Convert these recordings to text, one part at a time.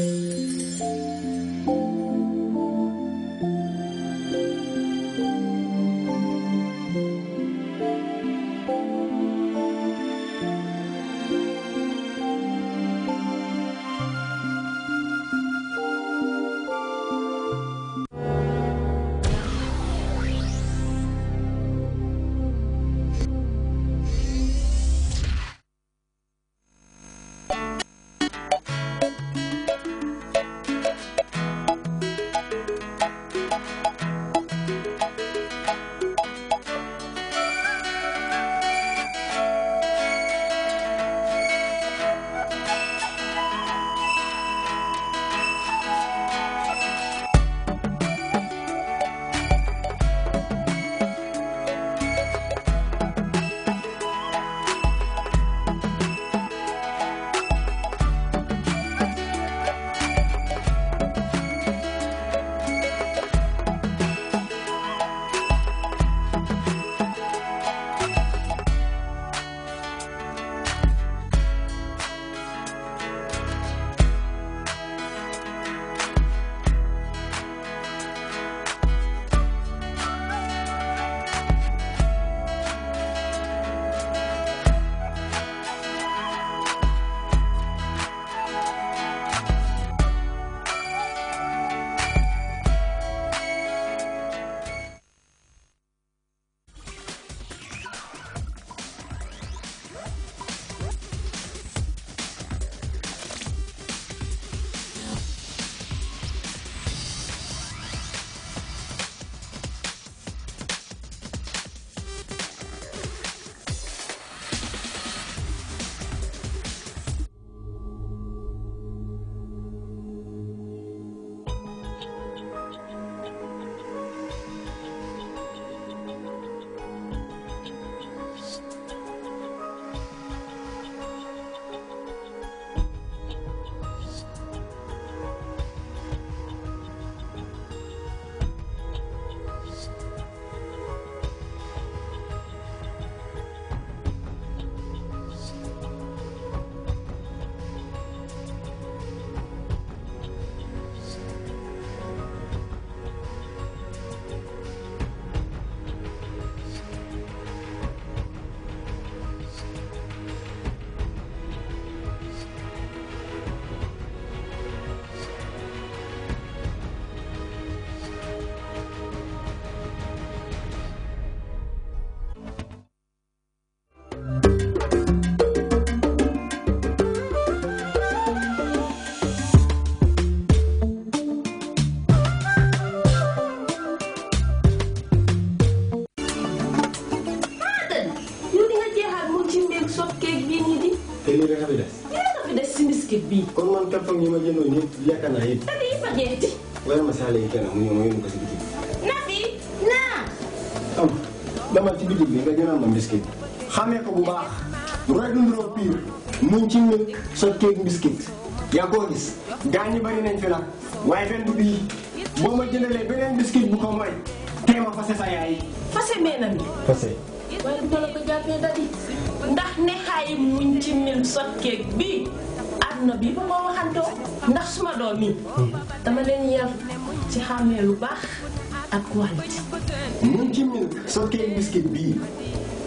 Thank you. biscuit bii. kon man carton yi ma jëndoon yëpp lekk naa yi fa génti. ma saale yi kenn mu ñëw ma yónni ko si bitig bi. naa. dama ci bitig bi nga jëndal ma biscuit. xamee ko bu baax. rek nduroo piir muñ ci milk sotteeg biscuit. yaa koo boo ma jëndalee beneen biscuit bu ko mooy. tey ma fase sa yaay. fase mee na mi. fase. waaye dama la ko jàppee dadi. ndax ne xaay muñ ci milk sotteeg bii. aduna bi ba ma waxantoo ndax suma doom hmm. yi dama leen yar ci xàmmee lu baax ak qualité moom ci mil ya, sottee biscuit bii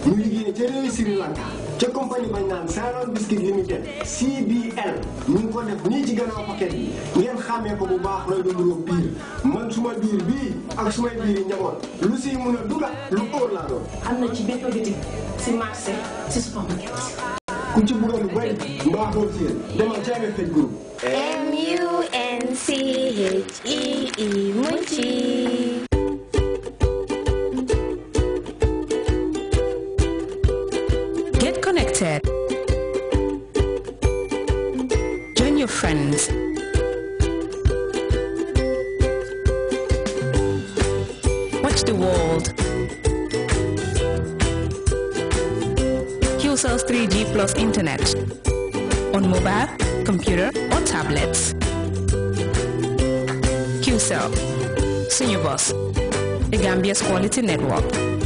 mu liggéey ca réew Sri Lanka ca compagnie bañ naan Saron Biscuit Limited CBL ñu ko def nii ci gannaaw paquet bi ngeen xàmmee ko bu baax la lu mun a biir man suma biir bii ak suma biir yi njaboot lu siy mun a dugal lu óor laa doon am na ci bépp bitik si marché si supermarket the Group. M U N C H E E Munchie. Get connected. Join your friends. Watch the world. Etisaat's 3G Plus Internet on mobile, computer or tablets. QCell, Senior Boss, a Gambia's quality network.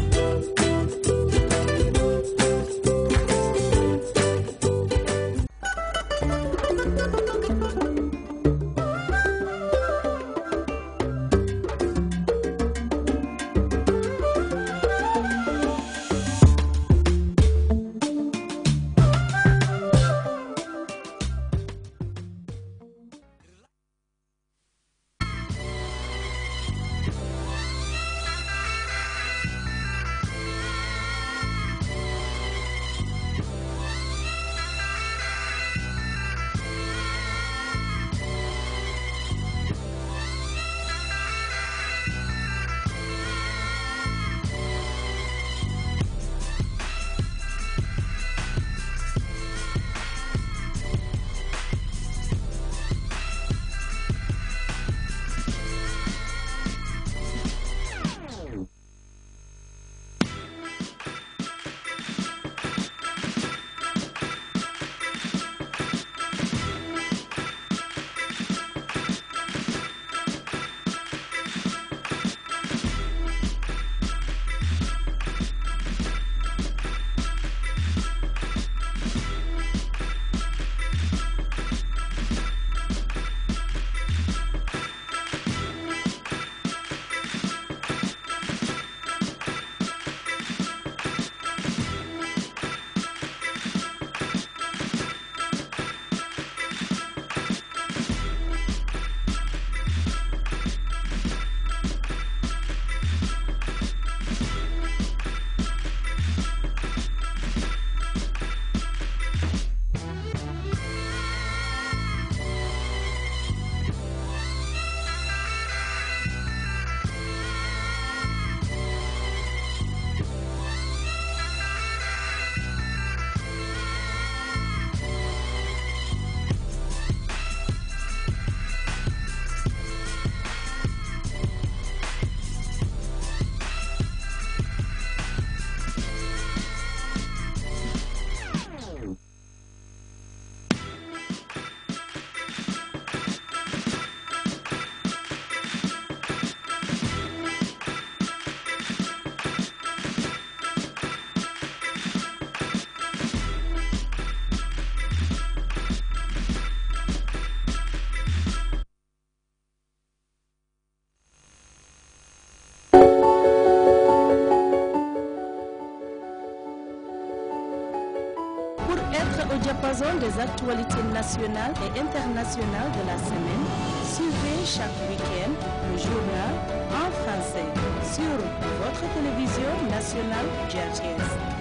diapason des actualités nationales et internationales de la semaine, suivez chaque week-end le journal en français sur votre télévision nationale GRTS.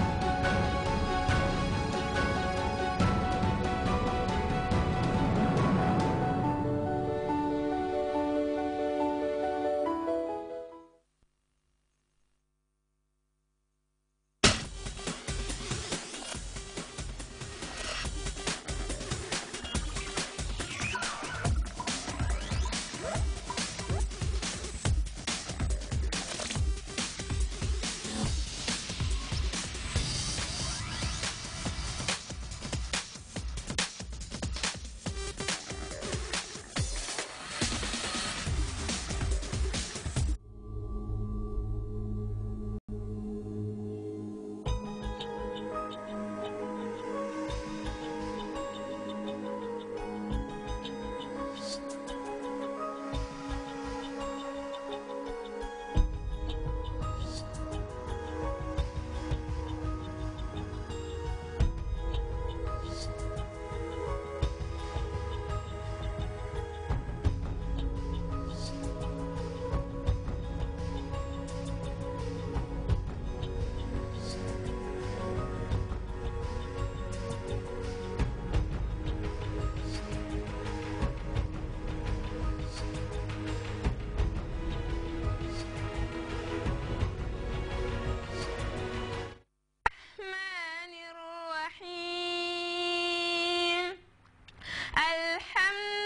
الحمد